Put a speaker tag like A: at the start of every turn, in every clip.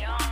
A: Yo.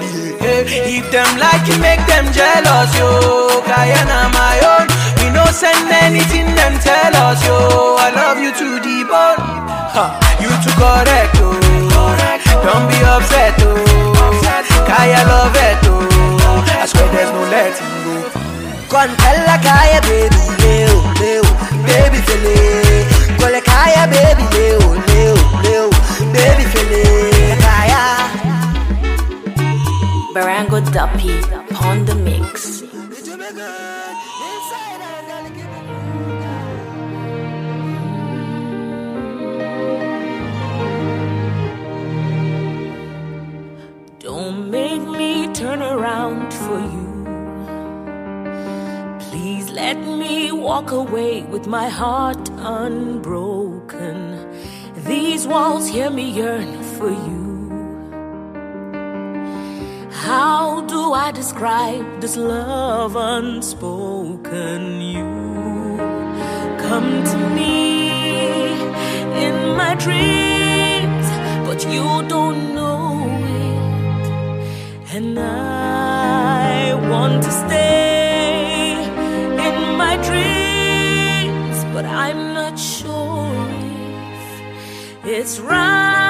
B: nobody. If them like me,
C: with my heart unbroken. These walls hear me yearn for you. How do I describe this love unspoken? You come to me in my dreams, but you don't know it, and I want to stay. It's right.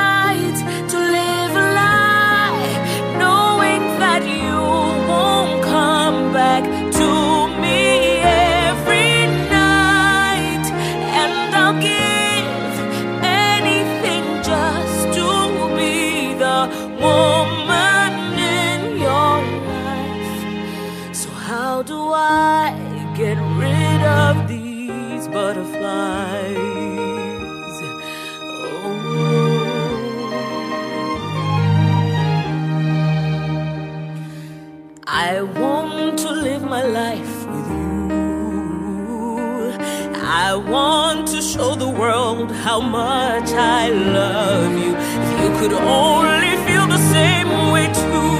C: told how much I love you. If you could only feel the same way too,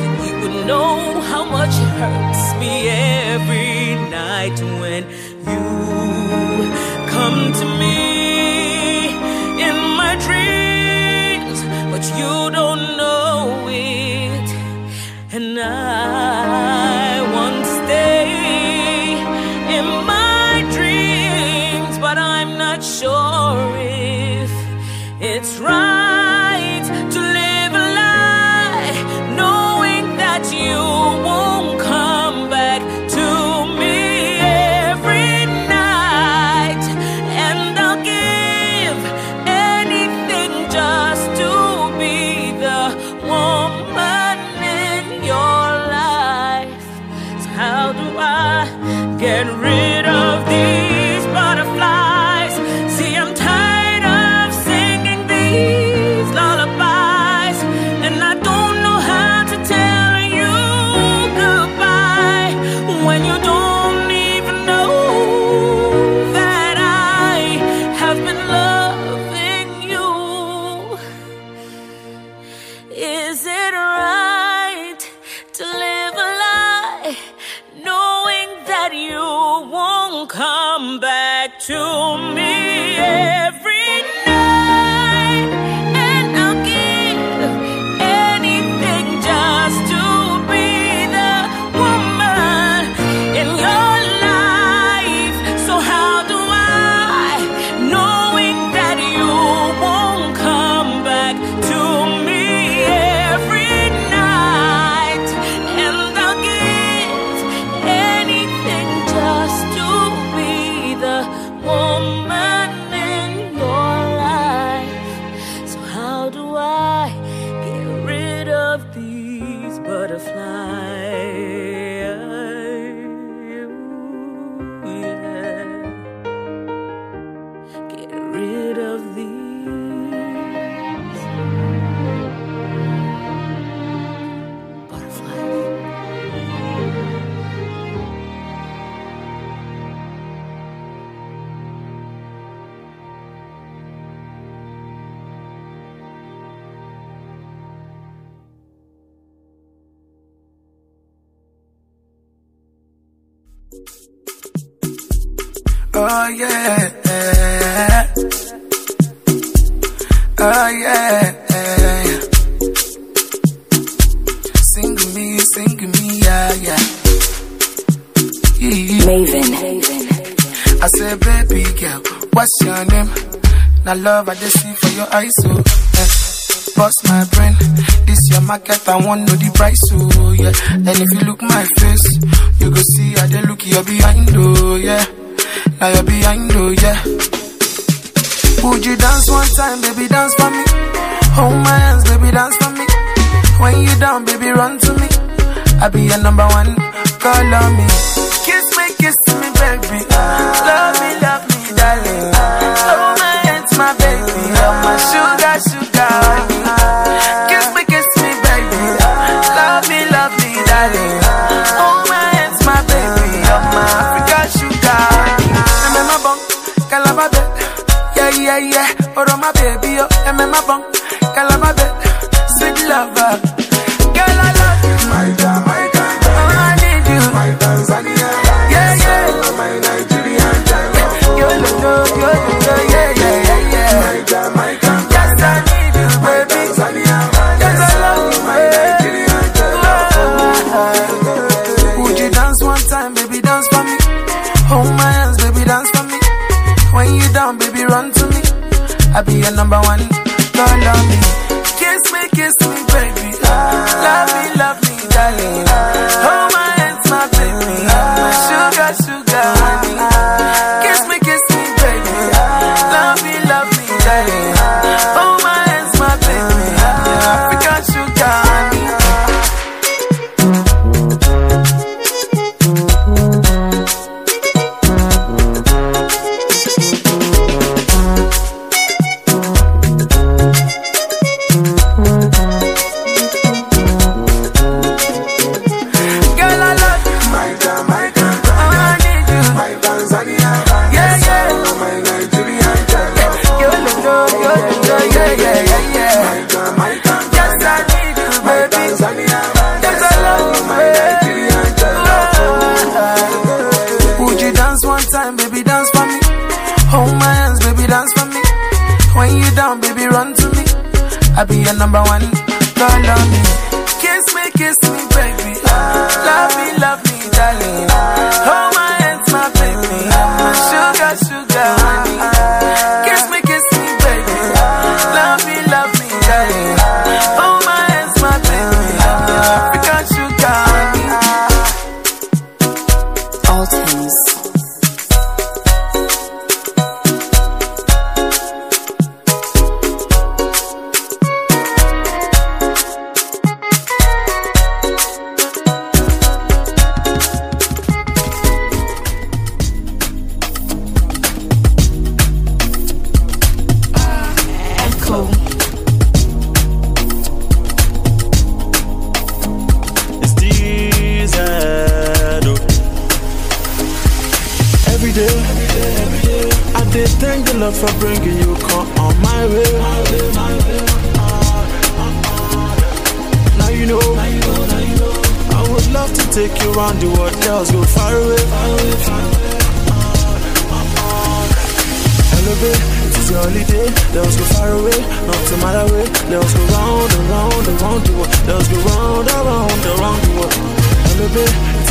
C: then you would know how much it hurts me every night when you come to me.
D: Maven. I said, baby girl, what's your name? Now love I just see for your eyes, so eh. my brain, this your market, I want know the price, so oh, yeah.
B: And if you look my face, you go see I they look you behind, oh yeah. Now you're behind, oh yeah. Would you dance one time, baby, dance for me? Hold my hands, baby, dance for me. When you down, baby, run to me. I be your number one, call on me kiss me, baby. Love me, love me, darling. Oh, my hands, my baby.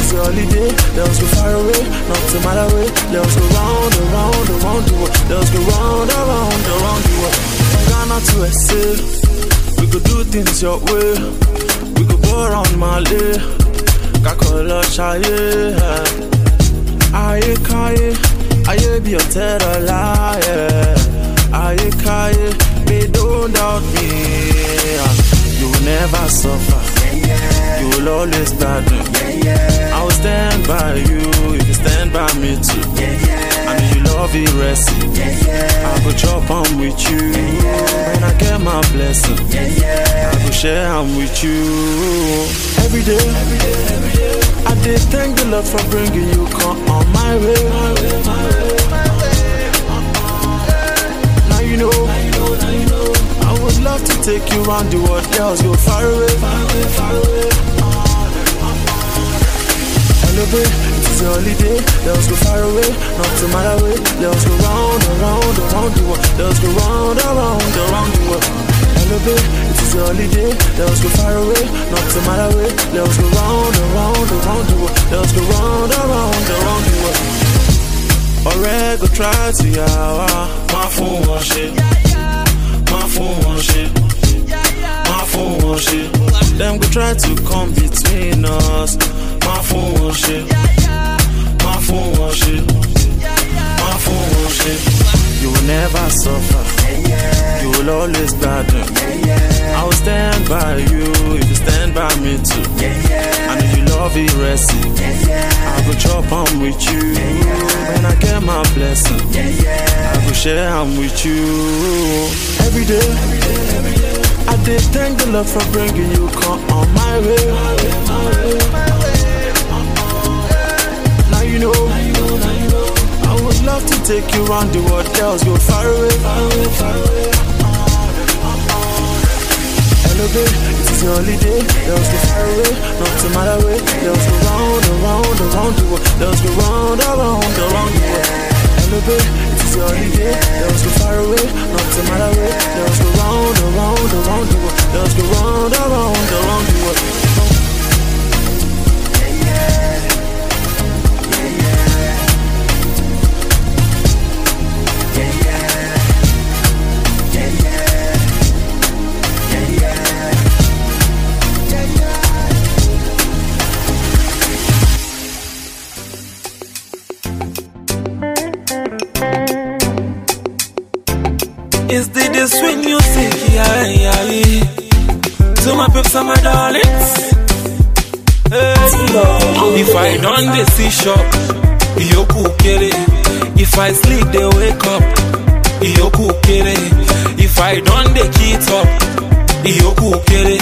E: fancy holiday. Let us go far away, not to matter away. Let us go round, around, around the world. Let us go round, around, around the world. Ghana to SA, we could do things your way. We could go around Mali, Kakola Shaye. Aye, Kaye, Aye, be your terror liar. Aye, Kaye, they don't doubt me. You will never suffer yeah. You will always pardon. Yeah, I will stand by you if you stand by me too. And if you love it, rest I will chop on with you. When I get my blessing, I will share I'm with you. Every day, every day, every day. I did thank the Lord for bringing you come on my way. My way, my way, you know. Now you know, now you know would love to take you round the world, girls, you're far away. Far away, far away. Hello, babe, it is a holiday. Let's go far away, not to matter way. Let's go round, around, around the world. Let's go round, around, around the world. Hello, babe, it is a holiday. Let's go far away, not to matter way. Let's go round, around, around the world. Let's go round, around, around the world. ọ̀rẹ́ kò try to yà my phone, fún wọn phone won't shit. My phone won't shit. Them go try to come between us. My phone won't shit. My phone won't shit. My phone won't shit. You will never suffer. You will always battle. I will stand by you if you stand by me too. And if you love it, rest it. I will chop, on with you. When I get my blessing, I will share, I'm with you day. Every day, every day. I did thank the Lord for bringing you come on my way. Now you know. I would love to take you round the world, girls go far away. Far away, Hello, babe, it is your holiday. Girls go far away, not to matter way. Girls go round, around, around the world. Girls go round, around, around the world. Hello, babe easy on the day. Girls go far away, not to matter way. us go round, around, around the world. Let us go round, around, around the world.
B: if i don dey see shop iyoku kere if i sleep they wake up iyoku kere if i don dey cheat up iyoku kere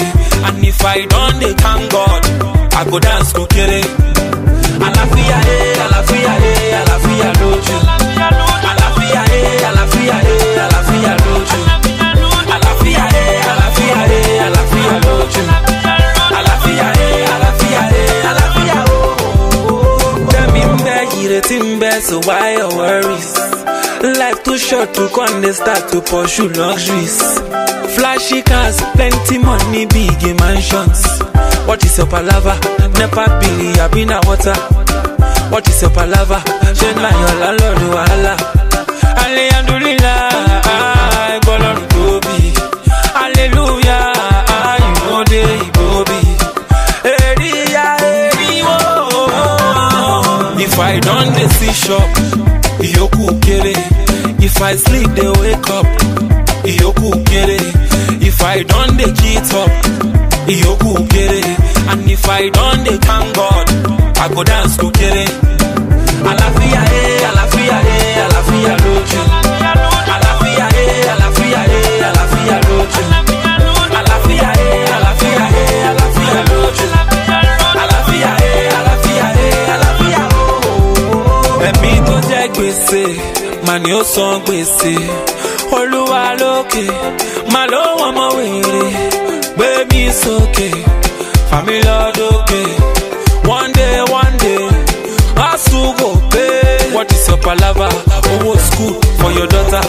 B: and if i don dey thank god i go dance kukere alafiya eh. nothing bad, so why your worries? Life too short to come, they start to pursue luxuries. Flashy cars, plenty money, big mansions. What is your palava? Nepa Billy, Abina Water. What is your palava? Shema, your landlord, wahala. chop if i sleep they wake up if i don't, they cheat up iyoku and if i don't, they thank god i go dance to kere. gbèsè mà ní ó san gbèsè olúwa lókè mà ló wọn mọ wèrè gbé mi sókè fàmí lọ́dọ̀kẹ́ one day one day hustle go pay. what is your palava owó school for your daughter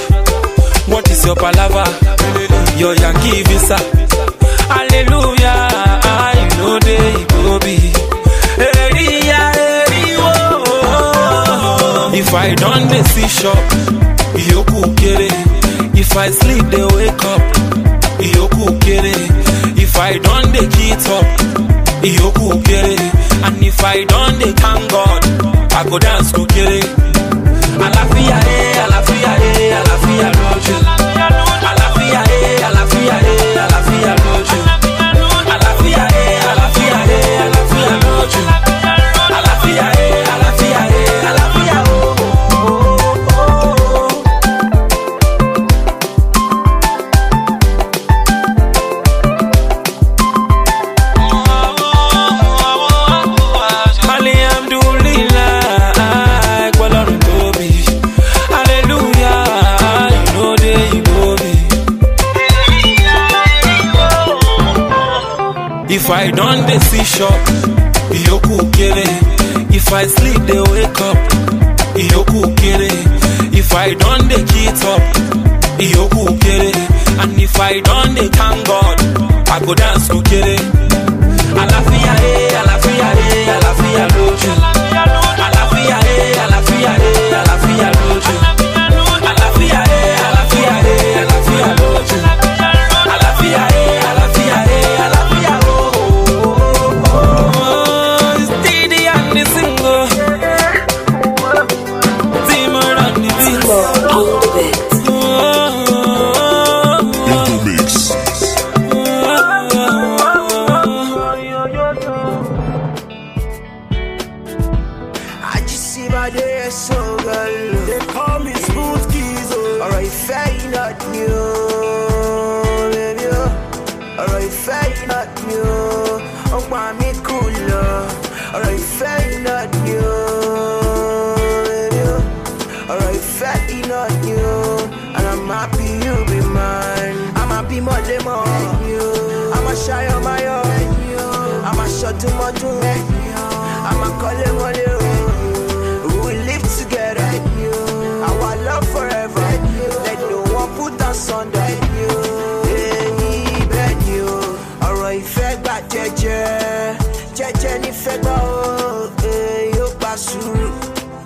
B: what is your palava your yankee visa. if i don't they see shop iyoku kere if i sleep they wake up iyoku kere if i don't they get up iyoku kere and if i don't they thank god i go dance to kere.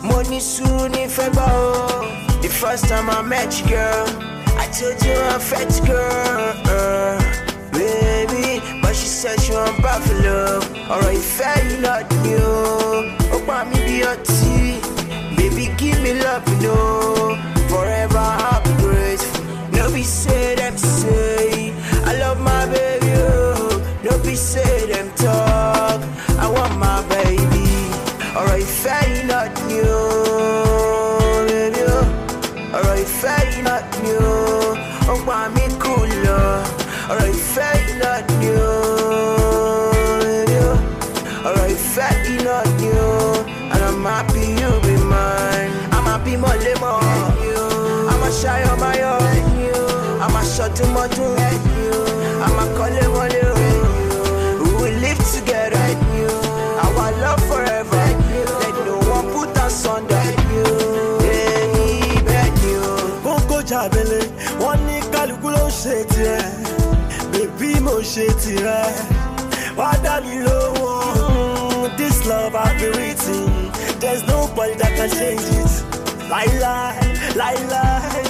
F: Money soon if I go. The first time I met you, girl, I told you I'm fat, girl. Uh, baby, but she said she want buffalo. Alright, if you not new. Open me be your tea. Baby, give me love, you know. Forever i be grateful. No, be say, them say. I love my baby, oh. No, be say.
G: mo ṣe tirẹ̀ wá dá mi lóhùn this love I be written there's nobody that can change it láíláí láíláí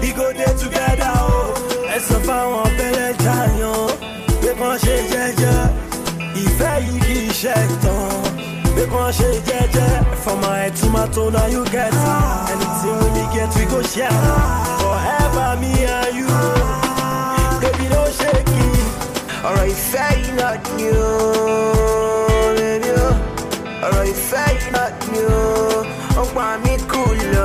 G: we dey together o ẹ fáwọn bẹ́lẹ̀
B: jàyàn pé kàn ṣe jẹ́jẹ́ ìfẹ́ yìí kì í ṣe tán pé kàn ṣe jẹ́jẹ́ for my tomato na you get anything wey we get we go share forever me and you.
F: Or I say not you, baby. Or I say not you. Oh, why me cool?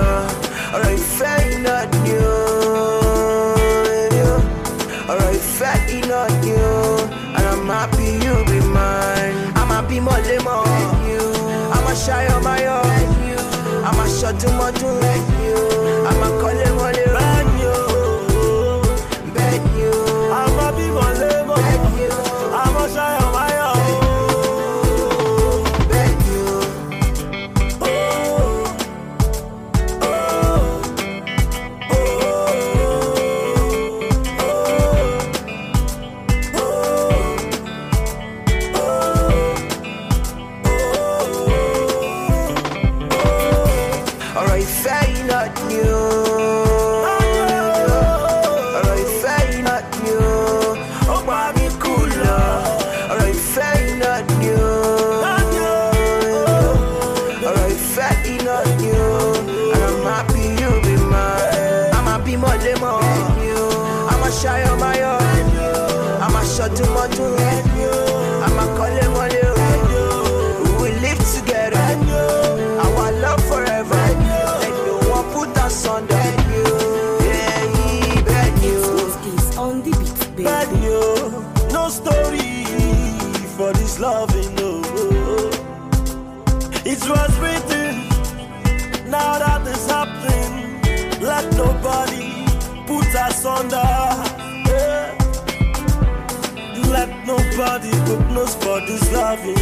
G: But nobody's loving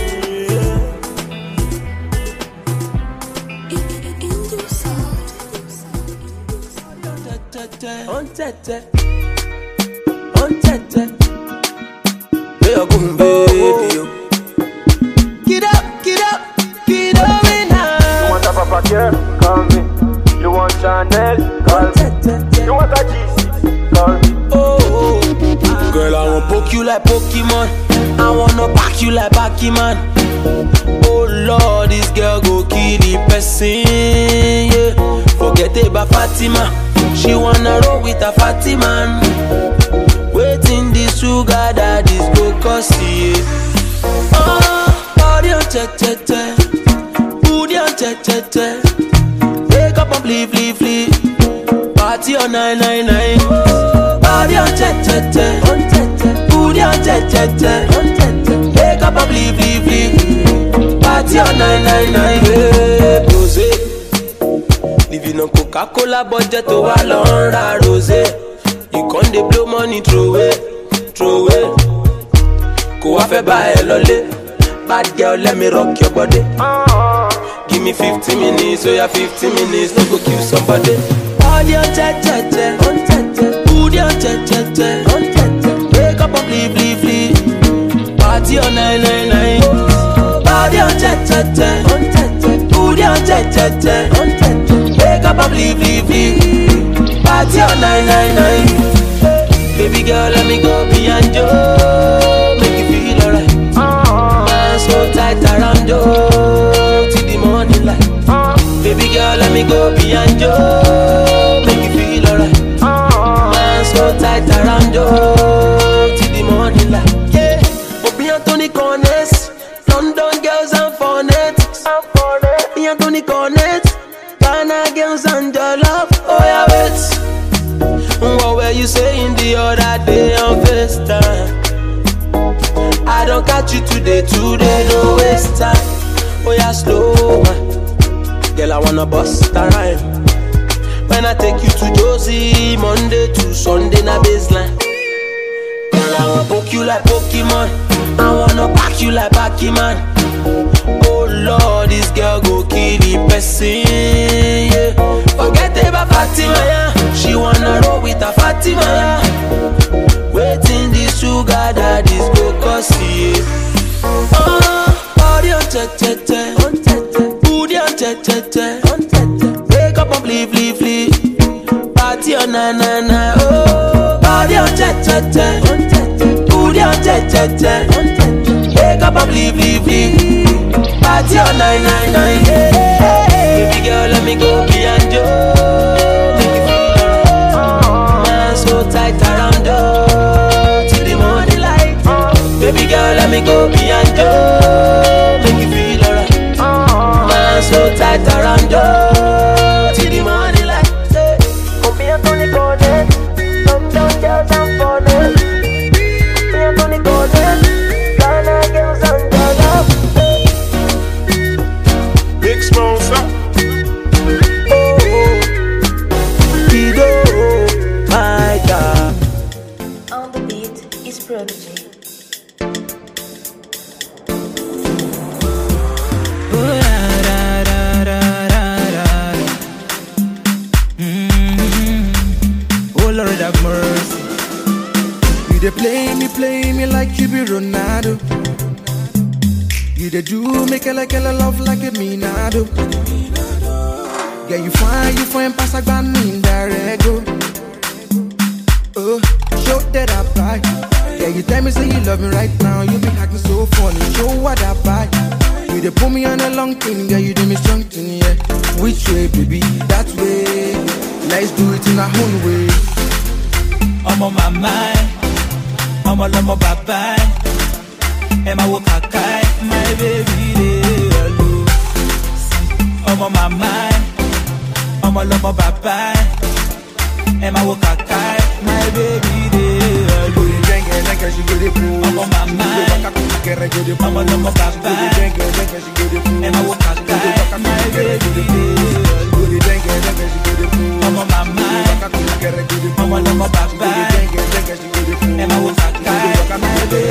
B: On tete, on tete, we are baby. Get up, get up, get up in You want a papa Call me. You want Chanel? Call me. You want Call me. oh. oh, oh. girl, I want poke you like Pokemon. you like Pac-Man. Oh Lord, this girl go kill the person. Yeah. Forget about Fatima. She wanna roll with a fatty man. Waiting this sugar daddy's go cause it. Oh, body on te te te, booty on te te te. Wake up and flee flee flee. Party on nine nine nine. Body on te te te, booty on te te te live, live, live. Party on 999, yeah. Rosé. Living on Coca-Cola budget to wà lọ ń rosé. You can't dey blow money throw it, throw it. Go off fẹ́ bá lolé. Bad girl, let me rock your body. Give me 50 minutes, oh yeah, 50 minutes, Don't go kill somebody. Audio, check, check, check. Audio, check, check, check. tí ọ̀nà ìlẹ̀lẹ̀ body on tẹ̀tẹ̀tẹ̀ booty on tẹ̀tẹ̀tẹ̀ wake up and leave leave leave party on nine nine nine baby girl let me go be anjo make you feel alright man so tight around yo till the morning light baby girl let me go be anjo make you feel alright man so tight around yo. money connect Ghana girls and your love Oh yeah wait What were you saying the other day on FaceTime? I don't catch you today, today don't waste time Oh yeah slow man Girl I wanna bust a rhyme When I take you to Josie Monday to Sunday na baseline Girl I wanna poke you like Pokemon I wanna pack you like Pac-Man lord this girl go kill the person yeah. forget about fatima yeah. she wanna roll with a fatima yeah. waiting this sugar daddies go cause yeah. oh, audio te te te audio te te te wake up and leave leave leave party on na na na oh audio on, te te audio te te te wake up and leave leave leave party all night, night, night. Yeah. Baby girl, let me go beyond you. Make you feel alright. Man, so tight around you till the
A: morning light.
B: Baby girl, let me go beyond you. Make you feel alright. Man, so tight around you.
F: They do make ele kele love like a minado. Yeah, you fine, you fine, pass a gun in go. Oh, uh, show that I buy. Yeah, you tell me say you love me right now. You be acting so funny. Show what I buy. You dey put
D: me on a long thing, yeah, you do me strong thing, yeah.
B: Which way, baby? That way. Let's do it in our own way. I'm on my mind. I'm all on my bye bye. And my work, I my baby dey alone. Ọmọ màmá ẹ̀, ọmọ lọmọ bàbá ẹ̀, ẹ máa wo kàkà ẹ̀, my baby dey alone. Ọmọ màmá ẹ̀, ọmọ lọmọ bàbá ẹ̀, ẹ máa wo kàkà ẹ̀, my baby dey alone.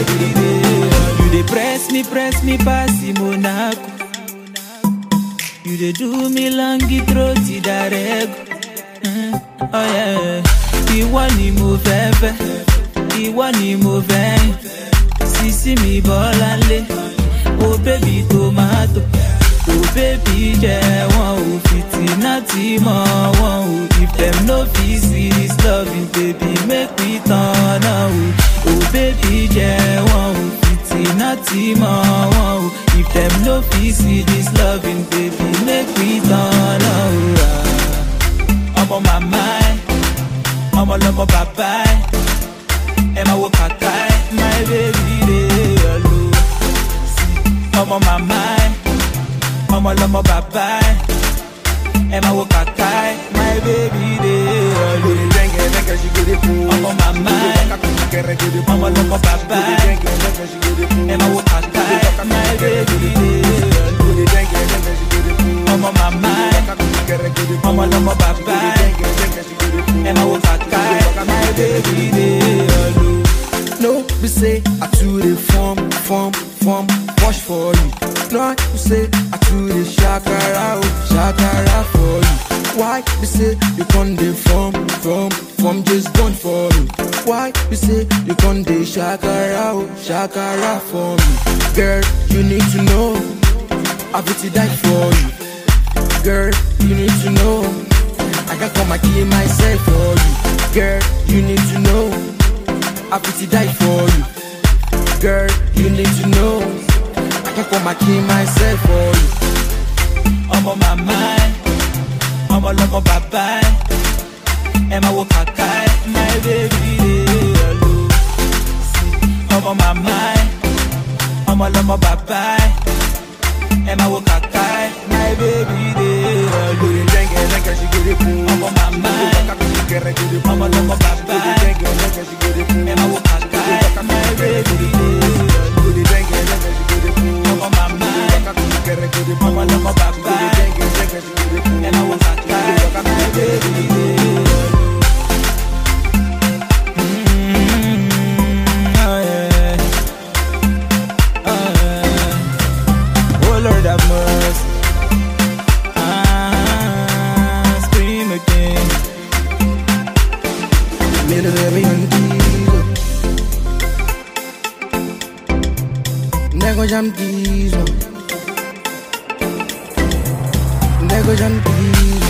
B: You me, press me, monaco. You dey do me troti darego. Mm-hmm. Oh yeah. Sisi mi o baby jẹ́ wọn ò fìtínà tí mọ́ wọn ò if dem no fit see this loving baby make we turn on o baby jẹ́ wọn ò fìtínà tí mọ́ wọn ò if dem no fit see this loving baby make we turn on ọmọ màmá ẹ ọmọ lọmọ bàbá ẹ ẹ máa wo kàkà ẹ my baby dey ọlọ ọmọ màmá ẹ. mama am baba And my work kakai My baby day Go to drink and drink and she go to fool I'm on my mind
A: 人比。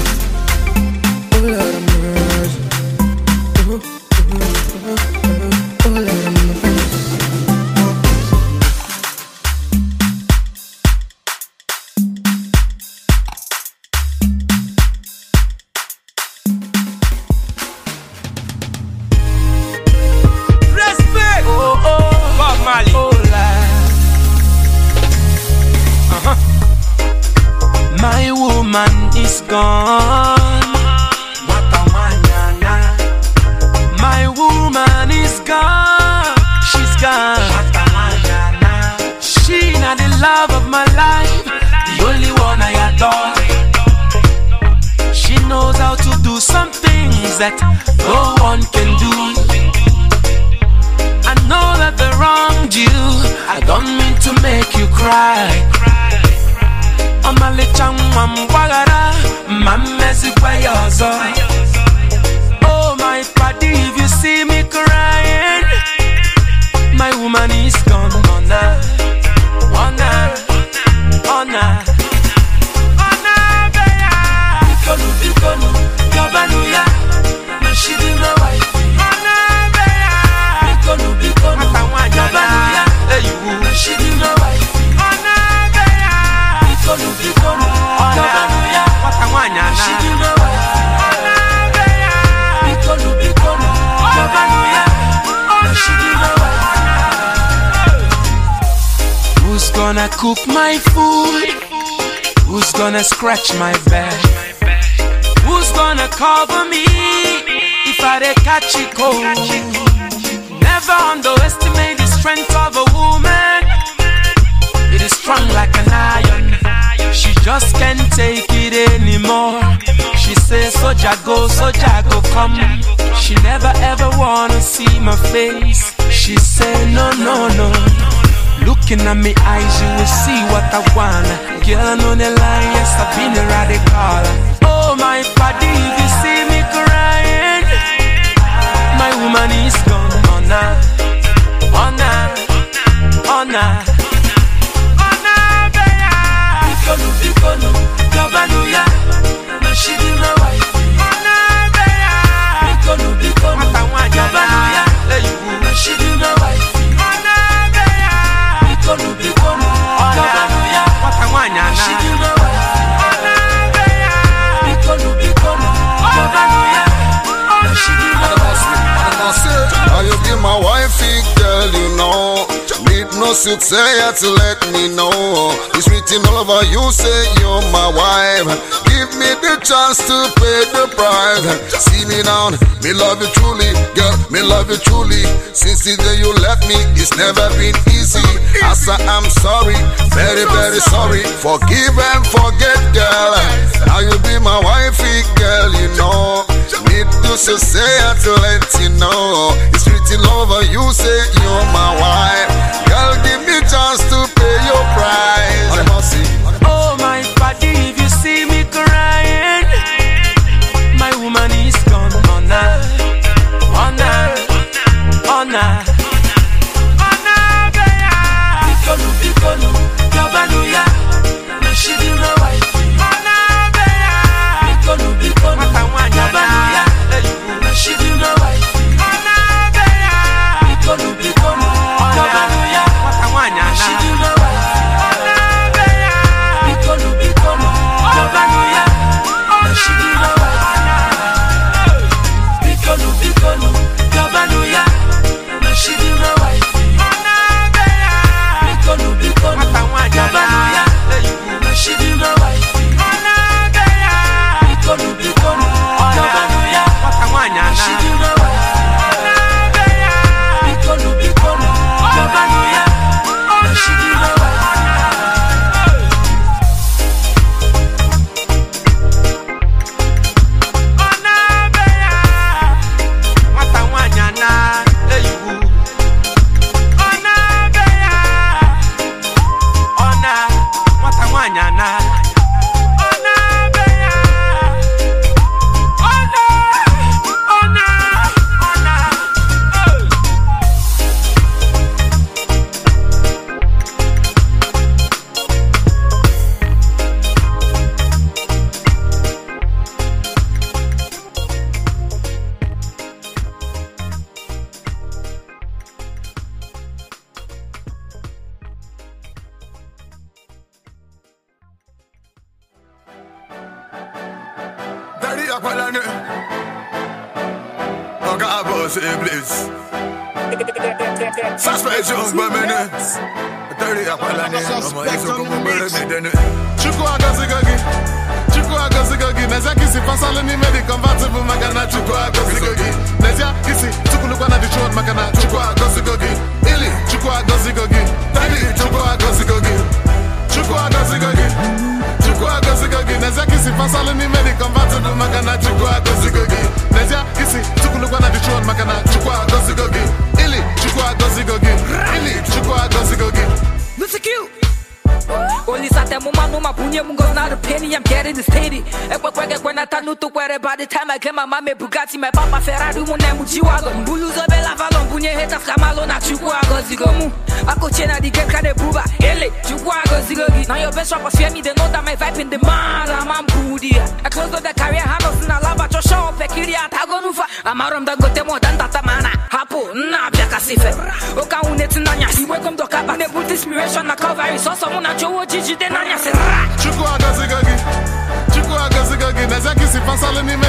B: chico. Never underestimate the strength of a woman. It is strong like an iron. She just can't take it anymore. She says, So go, so go, come. She never ever wanna see my face. She said, No, no, no. Looking at me eyes, you will see what I wanna. Girl, no, the line, yes, I've been a radical. Oh, my body, this is woman is gone on her, on her, on her. Bikonu, bikonu, love and now she did
H: my wife. Just you say it to let me know. It's written all over you, say you're my wife. Give me the chance to pay the price. See me now. me love you truly, girl, me love you truly. Since the day you left me, it's never been easy. I say I'm sorry, very, very sorry. Forgive and forget, girl. Now you be my wifey, girl, you know. Need to say it to let you know. It's written all over you, say you're my wife. Girl, give me chance to pay your price.
C: nutu kwere by the time I get my mame Bugatti My papa Ferrari mune muchiwagon Mbuluzo bela valon bunye haters kamalo na chukwago zigomu Akoche na diget kade buba Ele chukwago zigogi Now your best rappers fear me they know that my vibe in the man I'm am budia I close the career handles na laba chosho Pekiri atagonufa Amarom da gote mo dan tata mana Hapo na abja kasife Oka
H: unetinanya Iwe kom doka ba Nebut inspiration na cover Iso muna chowo jiji denanya Serra selling him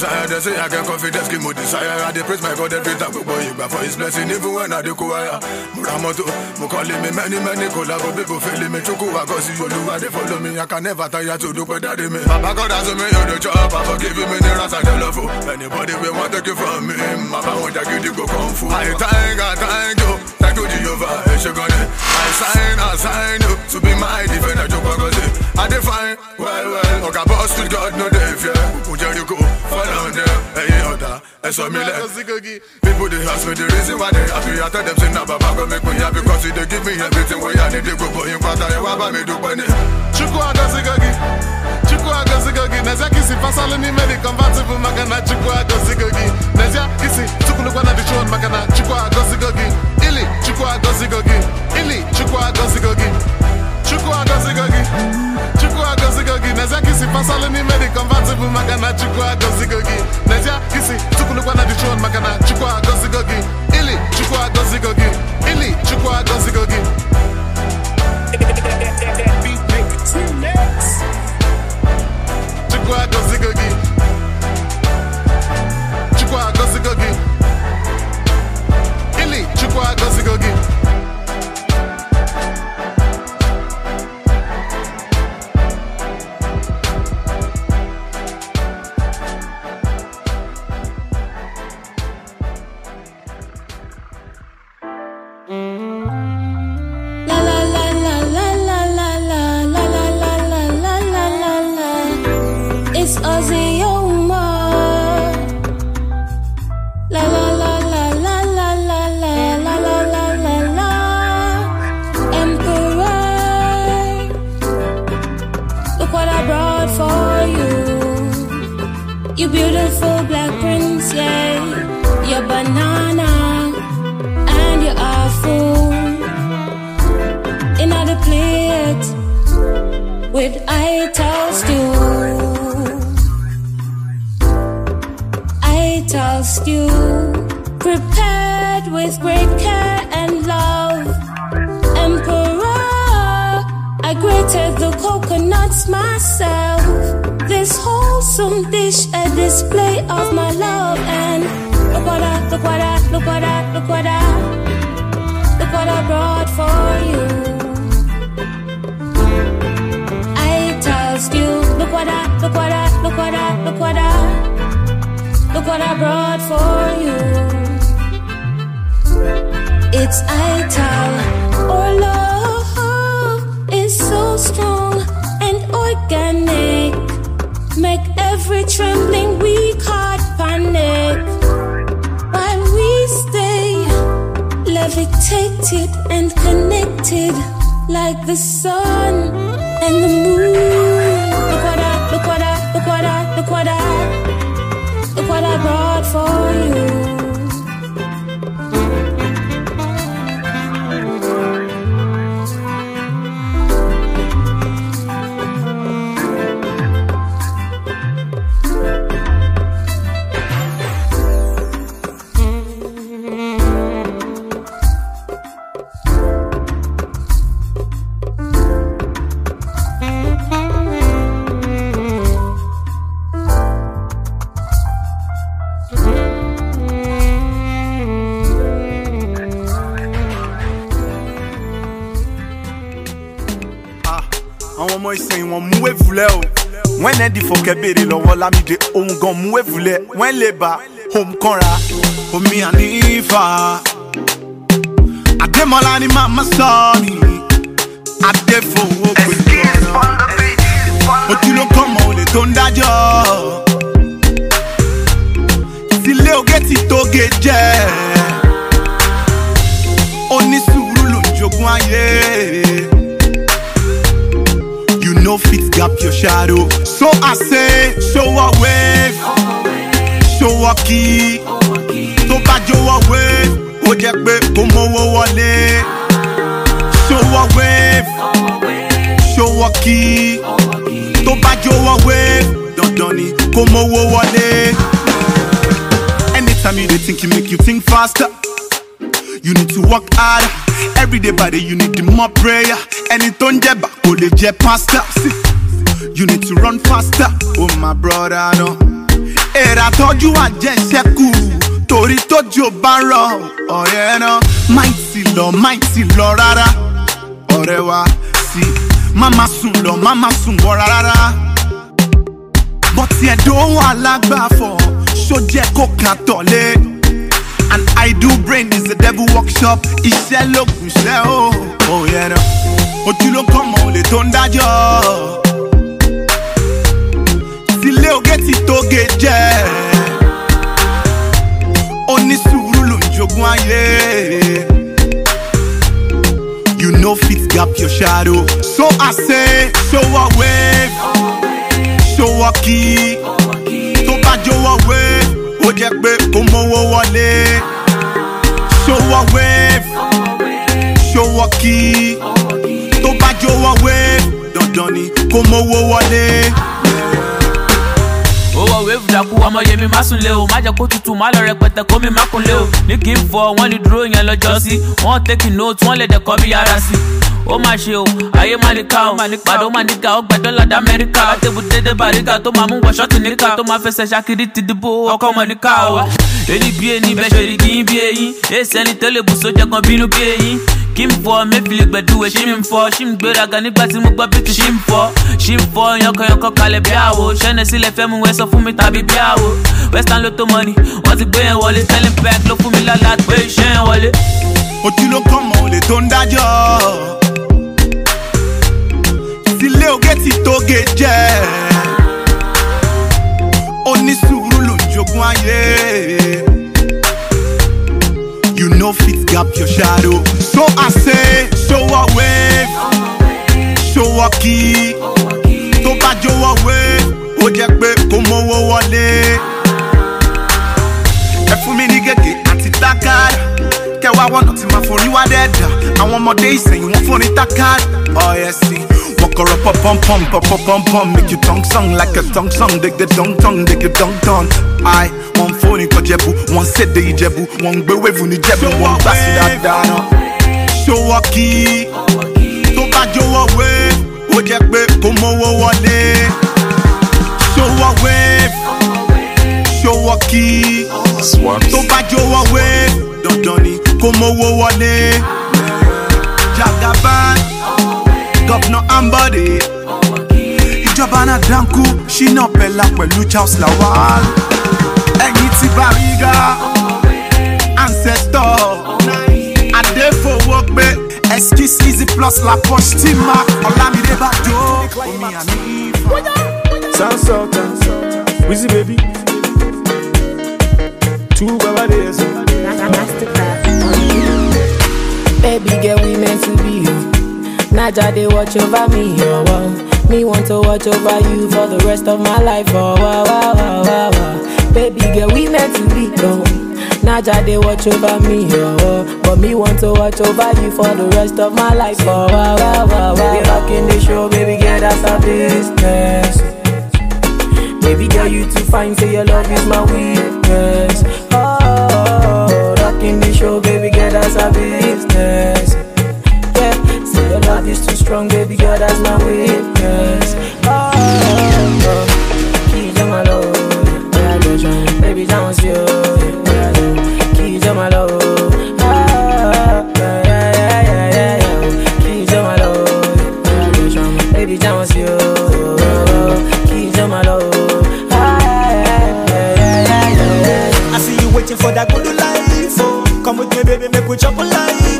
H: desire, they say I can confidence, give
I: me desire. I they praise my God every time, boy, you for his blessing, even when I do choir. Muramoto, mo calling me many, many collabo people feeling me. Chuku, I got you, do they follow me. I can never tire to do what they me. Papa God has me on the job, Papa giving me the rest I love you. Anybody will want take you from me, Papa want to give you go kung fu. I thank, I thank you. I sign, I sign you to be my defender, because I define, well, well, okay, boss to God, no day, yeah. go follow them, hey, Oda, Esomile. People, they ask me the reason why they happy. I tell them, say, Naba, Baba, make me happy, because they give me everything. Where I need to go, but you can't tell me, Waba, me do, Benny.
H: Chukwa, Dazigagi nachukua gozi gogi nazia kisi fasalo ni medi convertible maka nachukua gozi gogi nazia kisi tukulikuwa na dichuon maka nachukua gozi gogi ili chukua gozi gogi ili chukua gozi gogi chukua gozi gogi chukua gozi gogi nazia kisi fasalo ni medi convertible maka nachukua gozi gogi nazia kisi tukulikuwa na dichuon maka nachukua gozi gogi ili chukua gozi gogi ili chukua gozi gogi Beat Nick 2 next chikwa gosigogi chikwa gosigogi ili chikwa gosigogi
J: with great care and love. Emperor, I grated the coconuts myself. This wholesome dish, a display of my love. And look what I, look what I, look what I, look what I, look what I brought for you. I tossed you, look what I, look what I, look what I, look what I, look what I brought for you words I tell. Our love is so strong and organic. Make every trembling we caught panic. While we stay levitated and connected like the sun and the moon. Look what I, look what I, look what I, look what I, look what I brought for you.
I: Olamide òun gan mú èfúlẹ̀ wọ́n lè bá òun kanra omi ànífà. Adémọ́lá ni màmá sọ ni Adéfowó pè ojú ló kàn mọ́ olè tó ń dájọ́ ìdílé oge ti tóge jẹ́ onísùúrù ló ń jogún ayé. no fit gap your shadow. So I say, show a wave, show a key. Tó bá jó a wave, ó jẹ́ pé kò wo wọlé. Show a wave, show a key. Tó bad jó a wave, dandan ni kò wo wọlé. Anytime you dey think, you make you think faster. You need to work harder. Every day by day, you need the more prayer. ẹni tó ń jẹ̀bà kò lè jẹ pásítà. You need to run faster, oh my brother no. Èrà tọ́jú àjẹsẹ́kù torí tójú ò bá rọ ọ̀rẹ́ náà. Máìtì lọ, máìtì lọ rárá, ọ̀rẹ́ wa sí. Máma sùn lọ, máma sùn wọ rárá. Bọ́tí ẹ̀dọ́ wà lágbàfọ̀, ṣó jẹ́ kó kàn tọ̀lé. And I do brain is a devil workshop. Iṣẹ́ ló kù ṣẹ́ o. Òye oh, náà, ojú ló kàn mọ́ olè tó ń dájọ́. Sílé oge ti tóge jẹ́. Onísùúrù ló ń jogún ayé. You know fit gap your shadow. So I say, show a wave, show a key, so bad you away kó jẹ́ pé kó mówó wọlé. ṣòwò wave ṣòwò kí tó bá jówó wave dandan ni kó mówó wọlé. Ah wọ wéèfù dákú ọmọ yèmí má sùn lé o má jẹ́ kó tutù má
B: lọ rẹpẹtẹ kó mi má kun lé o ní kí n fọ wọ́n lè dúró yẹn lọ́jọ́ sí wọ́n tẹ́kì nóòtù wọ́n lè dẹ̀kọ́ bí yára sí ó máa ṣe o ayé má lè ká o pàdó má níga ó gbẹ dọ́là dá mẹ́ríkà látẹ̀bù dédé bàríkà tó máa mú wọ ṣọ́ọ̀tì níkà tó máa fẹsẹ̀ ṣakiri ti dìbò ọkọ ọmọ níkà o. èyí bí ẹni bẹ́ẹ̀ ṣe rí kí n bí eyín èsì ẹni tẹ́lẹ̀ bùsọ̀ jẹ́ kan bínú bí eyín kí n fọ mébìlì gbẹ̀dúwe ṣí mi fọ ṣí mi gbéraga nígbà tí mo gbọ́ bíkì ṣí mi fọ ṣí mi fọ yankanyankan kalẹ̀ bí àwo ṣẹ́ni sílẹ̀ fẹ́ mu wẹ́ sọ fún mi tàbí bí àwo western lotto money wọ́n ti gbé
I: yẹn wọlé selling pack ló fún mi lálá pé iṣẹ́ yẹn wọlé. ojú ló kàn mọ́ olè tó ń dájọ́ sílé oge ti tóge jẹ́ onísùúrù ló ayé no fit gap your shadow. So I say, show a wave, show a key. Tó bá jó wọ wave, ó jẹ́ pé kò mówó wọlé. Ẹ fún mi ní gègé àti tákàdá. Kẹwàá wọ̀nà tí màá forí wá dẹ́ẹ̀dá. Àwọn ọmọdé ìsẹ̀yìn wọn fún Oh tákàdá. Ọ̀yẹ̀sìn. Okorapa pom make you tongue song like a tongue song, dig the dong dig the dong I one phone in one set the Ijebu, one one that Show a key, tó bá jó wave, ó jẹ́ pé kò Show a wave, show a key, tó bá jó wave, dandan ni kò mówó wọlé. Jagaban. Governor Ambode ìjọba náà dánkù ṣínà pẹ̀lá pẹ̀lú Charles Lawal ẹ̀yìn ti Bariga ancestor adéfowó pé excuse easy plus la poche tí ma Ọlámídé bá jó omi àmì ìfọ̀. Sansan Wizzy baby
B: two baba days. Baby girl, we meant to be. Naja, they watch over me, oh, oh. Me want to watch over you for the rest of my life, oh, oh, oh, oh, oh. oh, oh. Baby girl, we meant to be, oh. Naja, they watch over me, oh, oh. But me want to watch over you for the rest of my life, oh, oh, oh, oh, oh. oh. Baby, rock in the show, baby girl, that's our business. Baby girl, you too fine, say your love is my weakness. Oh, oh, oh, oh. rocking the show, baby girl, that's our business love is too strong, baby girl, that's my weakness. Oh, oh, oh. Keys on my low, baby, Yeah, Baby, that was you. Keys on oh, my low.
G: I see you waiting for that good life. come with me, baby, make we jump a life.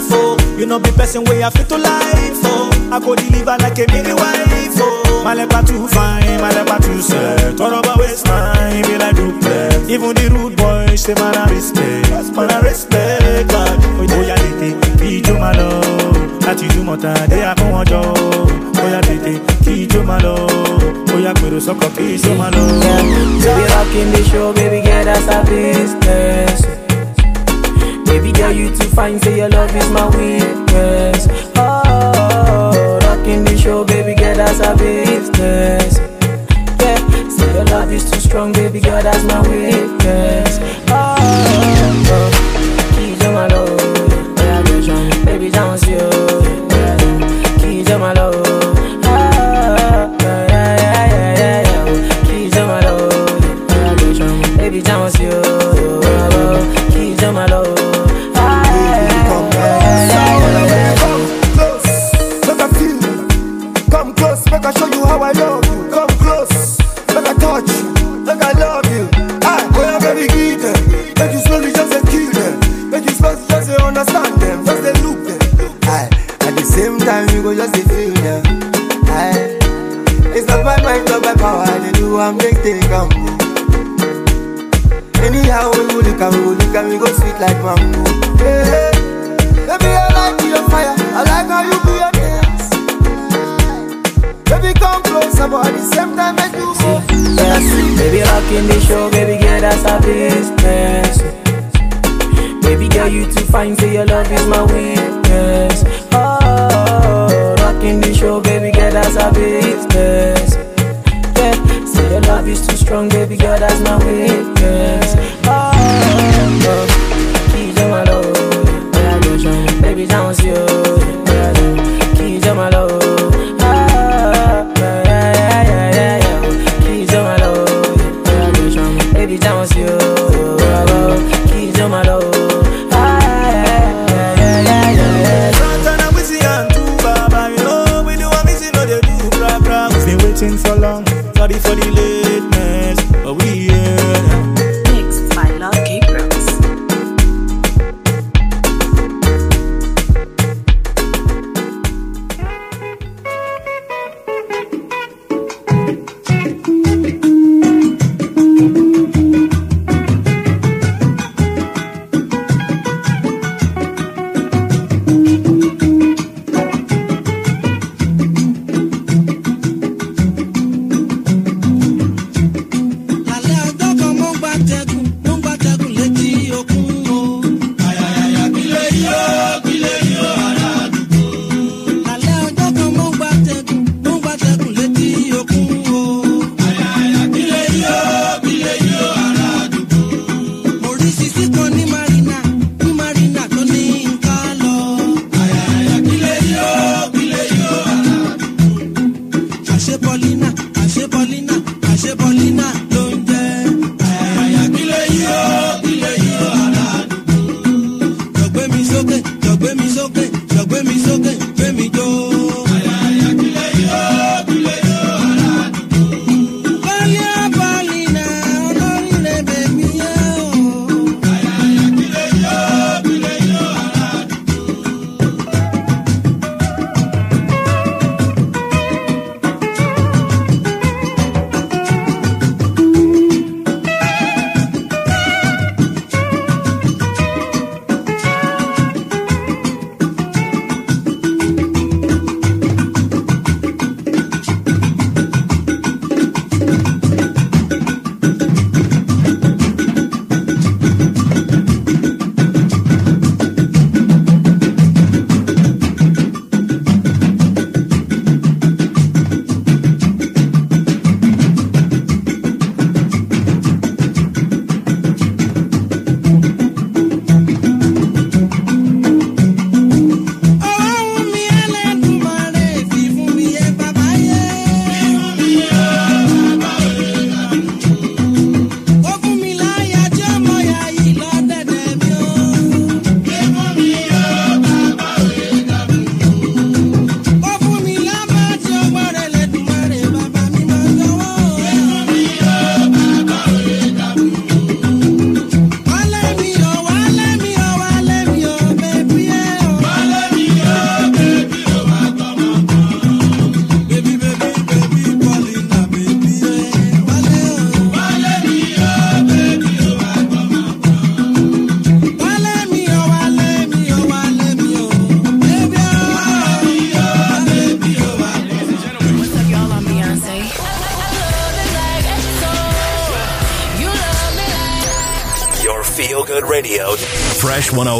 G: You know be person way I fit to life Oh. I go deliver like a mini wife Oh. My leper too fine, my leper too set. Turn over waste time, be like duplex. Even the rude boy say man I respect, man I respect God. Oya tètè kí ijó máa lọ, láti ìdúmọ̀ tá a dé àkọ́wọ́n jọ. Oya tètè kí ijó máa lọ, oya pèrò sọ́kọ̀
A: kí ijó máa lọ.
B: We rockin' the show, baby, get us a business. Baby girl, you too fine, say your love is my weakness. Oh, rocking the show, baby girl, that's our business. Yeah, say your love is too strong, baby girl, that's my weakness. Oh, oh. keys on my love, baby, don't see you. Keys on my love.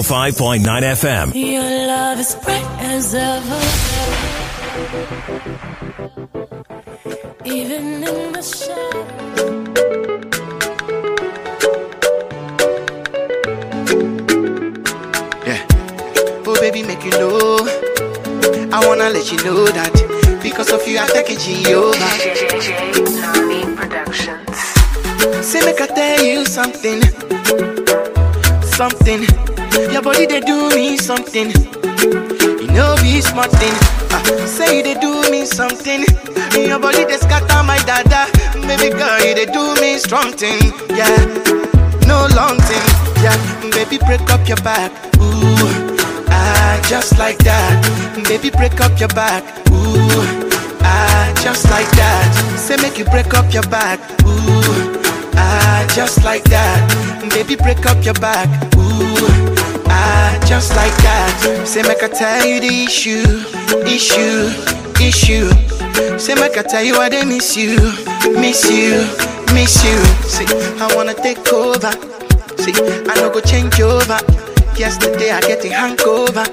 F: 105.9 FM.
C: Your love is bright as ever.
A: Even in the shadows.
D: Oh, baby, make you know. I wanna let you know that because of you, I'm taking you over. JJJ Productions. Say, make I tell you something, something. Your body they do me something. You know be smart thing. Uh, say they do me something. Your body they scatter my dada. Baby girl, you they do me strong thing. Yeah, no long thing. Yeah, baby break up your back. Ooh, ah, just like that. Baby break up your back. Ooh, ah, just like that. Say make you break up your back. Ooh, ah, just like that. Baby break up your back. Ooh, Ah, just like that. Say, make I tell you the issue, issue, issue. Say, make I tell you I did miss you, miss you, miss you. See, I wanna take over. See, I no go change over. Yesterday I get a hangover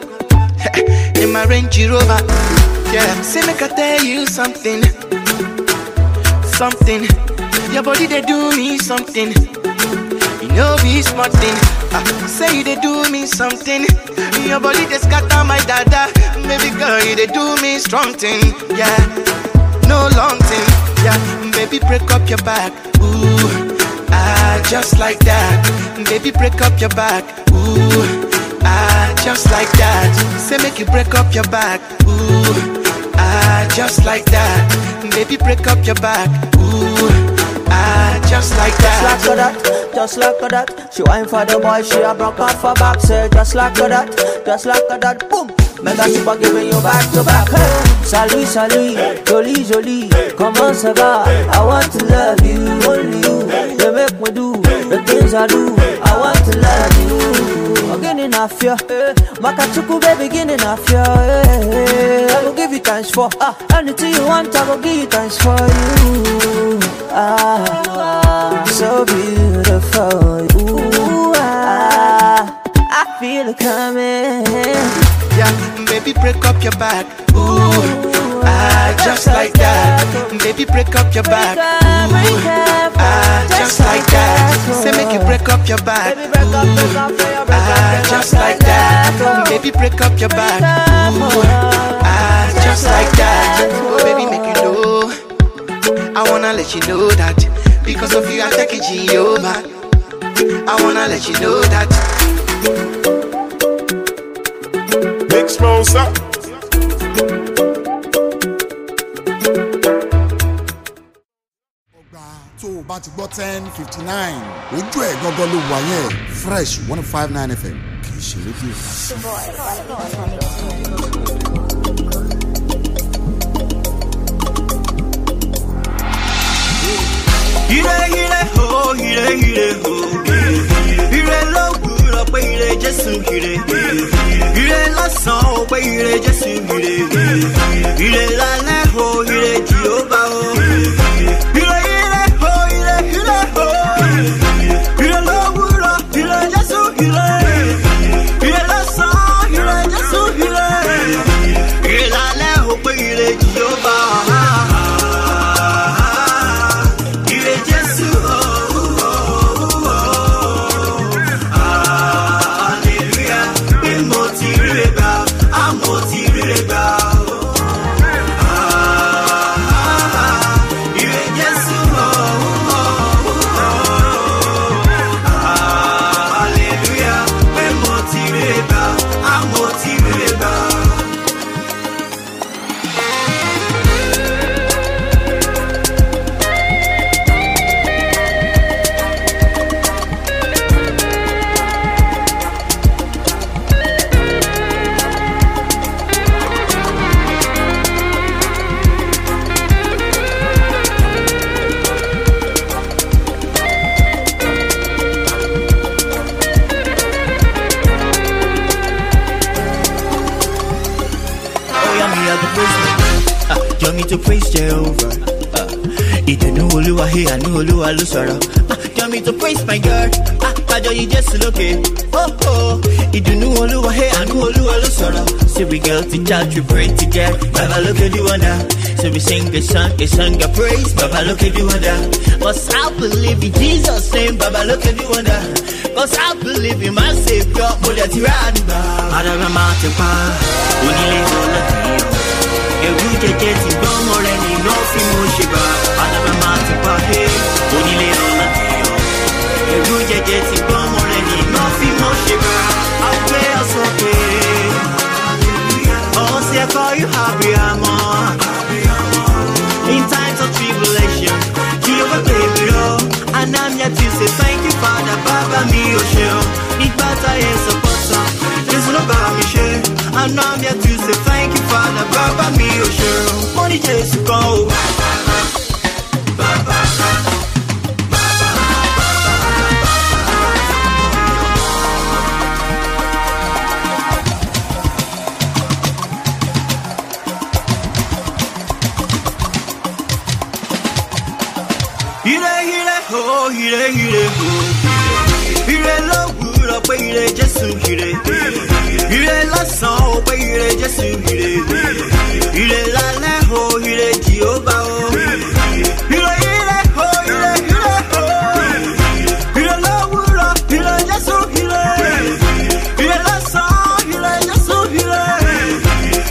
D: in my Range Rover. Yeah, say make I tell you something, something. Your body they do me something. You know be smart thing. Ah, say you they do me something. Your body they scatter my dada. Baby girl, you they do me strong thing. Yeah, no long thing. Yeah, baby break up your back. Ooh, ah, just like that. Baby break up your back. Ooh, ah, just like that. Say make you break up your back. Ooh, ah, just like that. Baby break up your back. Ooh. Ah, just like that. Just like that, just like that. She wine for the boy,
F: she a broke off her back. Say just like that, just like that. Boom. Mega super giving you back to back. Hey. Salut, salut, hey. jolie, jolie. Hey. Comment ça va? I want to love you, only you. You make me do the things I do. I want to love you beginning of ya. Eh. Makachuku baby, beginning of ya. Eh. I will give you thanks for uh, anything you want. I will give you thanks for you ah, so beautiful. Ooh, ah, I feel it coming. Yeah,
D: baby, break up your back. Ooh, ah, just like that. Baby, break up your back. Ooh, ah, just like that. Say, make you break up your back. Ooh, ah, just like that. Baby, break up your back. Ooh, let you know that because of you i take it taking your man. I wanna let you know that. Big Smosa.
H: tó o bá ti gbọ́ ten fifty nine ojú ẹ̀ gángan ló wà yẹn fresh one oh five nine fm kì í ṣe rédíò.
G: ire ire ho ire ire ho ire lówùúrọ̀ pé ire jésù ire ire lọ́sàn ó pé ire jésù ire ire lálẹ́ ho ire Jehovah. o. for me to praise Jehovah. Uh, ìdènú olúwa he àní olúwa ló sọ̀rọ̀. Uh, Tell me to praise my God. Àjọ uh, yìí Jésù lókè. Ìdùnnú oh, oh. olúwa he àní olúwa ló sọ̀rọ̀. So we go to church, we pray together. Bàbá look at do wonder. So we sing a song, a song of praise. Bàbá lókè do wonder. Cause I believe in Jesus' name. Bàbá lókè do wonder. Cause I believe in my Savior. Mo dẹ̀ ti rà àdúgbà. Adàrà máa ti pa onílé ọlọ́kẹ́ yìí. ẹ̀rú jẹjẹ ti gbọ́ ọmọ rẹ nínú fi mo ṣe bá alábà máa ti pa é onílé ọ̀la ẹ̀rú jẹjẹ ti gbọ́ ọmọ rẹ nínú fi mo ṣe bá àgbẹ̀ ọ̀sán pé ọ̀sẹ̀ ẹ̀kọ́ yóò hàbí àmọ́ in times of tribulation kí o bá pè mí lọ anamia ti ṣe thank you father bàbá mi ò ṣe ọ nígbà táyé sọpọ́tàn jésù ló bá mi ṣe and I'm here to say thank you, Father. Baba mi ò ṣòro, mo ní Jésù kan o. Bàbá bàbá. ire ire o ire lówùúrọ̀ pé ire Jésù ire.